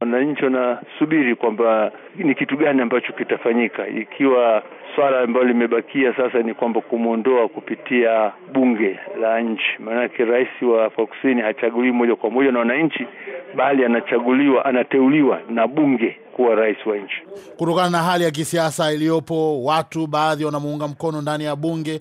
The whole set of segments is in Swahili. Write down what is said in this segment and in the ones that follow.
Wananchi wanasubiri kwamba ni kitu gani ambacho kitafanyika, ikiwa swala ambalo limebakia sasa ni kwamba kumwondoa kupitia bunge la nchi. Maanake rais wa Afrika Kusini hachaguliwi moja kwa moja na wananchi, bali anachaguliwa, anateuliwa na bunge kuwa rais wa nchi. Kutokana na hali ya kisiasa iliyopo, watu baadhi wanamuunga mkono ndani ya bunge.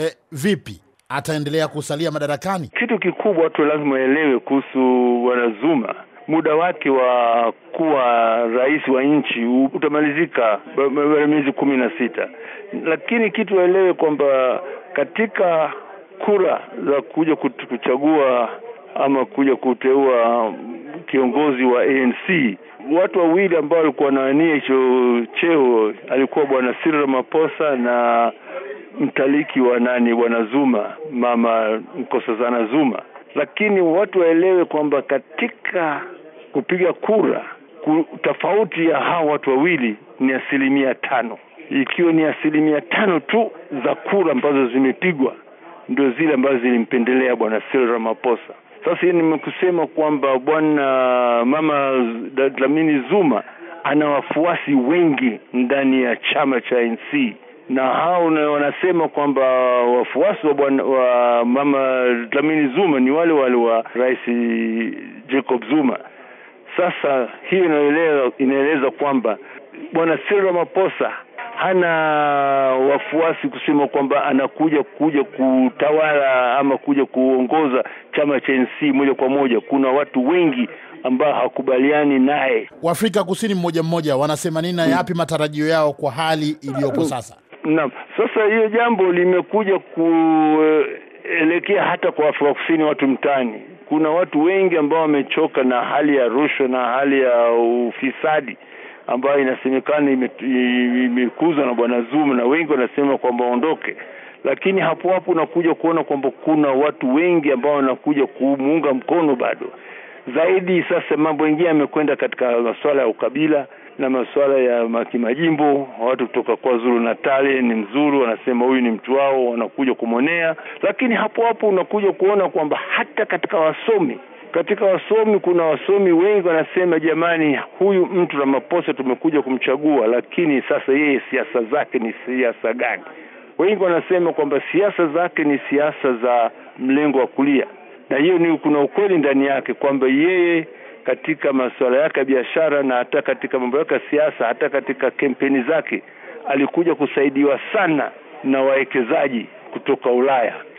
E, vipi ataendelea kusalia madarakani? Kitu kikubwa watu lazima waelewe kuhusu Bwana Zuma muda wake wa kuwa rais wa nchi utamalizika baada ya miezi kumi na sita, lakini kitu waelewe kwamba katika kura za kuja kuchagua ama kuja kuteua kiongozi wa ANC watu wawili ambao walikuwa wanawania hicho cheo alikuwa bwana Cyril Ramaphosa na mtaliki wa nani, bwana Zuma, mama Nkosazana Zuma. Lakini watu waelewe kwamba katika kupiga kura ku, tofauti ya hawa watu wawili ni asilimia tano, ikiwa ni asilimia tano tu za kura ambazo zimepigwa ndio zile ambazo zilimpendelea bwana sil ramaposa Sasa hii nimekusema kwamba bwana mama Dlamini Zuma ana wafuasi wengi ndani ya chama cha nc na hao wanasema kwamba wafuasi wa, bwana, wa mama Dlamini Zuma ni wale wale wa rais Jacob Zuma. Sasa hiyo inaeleza kwamba bwana Cyril Ramaphosa hana wafuasi kusema kwamba anakuja kuja kutawala ama kuja kuongoza chama cha NC moja kwa moja. Kuna watu wengi ambao hawakubaliani naye. Waafrika Kusini mmoja mmoja wanasema nini na yapi matarajio yao kwa hali iliyopo sasa? Naam, sasa hiyo jambo limekuja kuelekea hata kwa Afrika Kusini, watu mtaani kuna watu wengi ambao wamechoka na hali ya rushwa na hali ya ufisadi ambayo inasemekana imekuzwa na bwana Zuma, na wengi wanasema kwamba aondoke, lakini hapo hapo unakuja kuona kwamba kuna watu wengi ambao wanakuja kumuunga mkono bado zaidi. Sasa mambo mengine yamekwenda katika masuala ya ukabila na masuala ya kimajimbo. Watu kutoka kwa Zulu Natale ni mzuru, wanasema huyu ni mtu wao, wanakuja kumwonea. Lakini hapo hapo unakuja kuona kwamba hata katika wasomi katika wasomi kuna wasomi wengi wanasema, jamani, huyu mtu Ramaphosa tumekuja kumchagua, lakini sasa yeye siasa zake ni siasa gani? Wengi wanasema kwamba siasa zake ni siasa za mlengo wa kulia, na hiyo ni kuna ukweli ndani yake kwamba yeye katika masuala yake ya biashara na hata katika mambo yake ya siasa, hata katika kampeni zake alikuja kusaidiwa sana na wawekezaji kutoka Ulaya.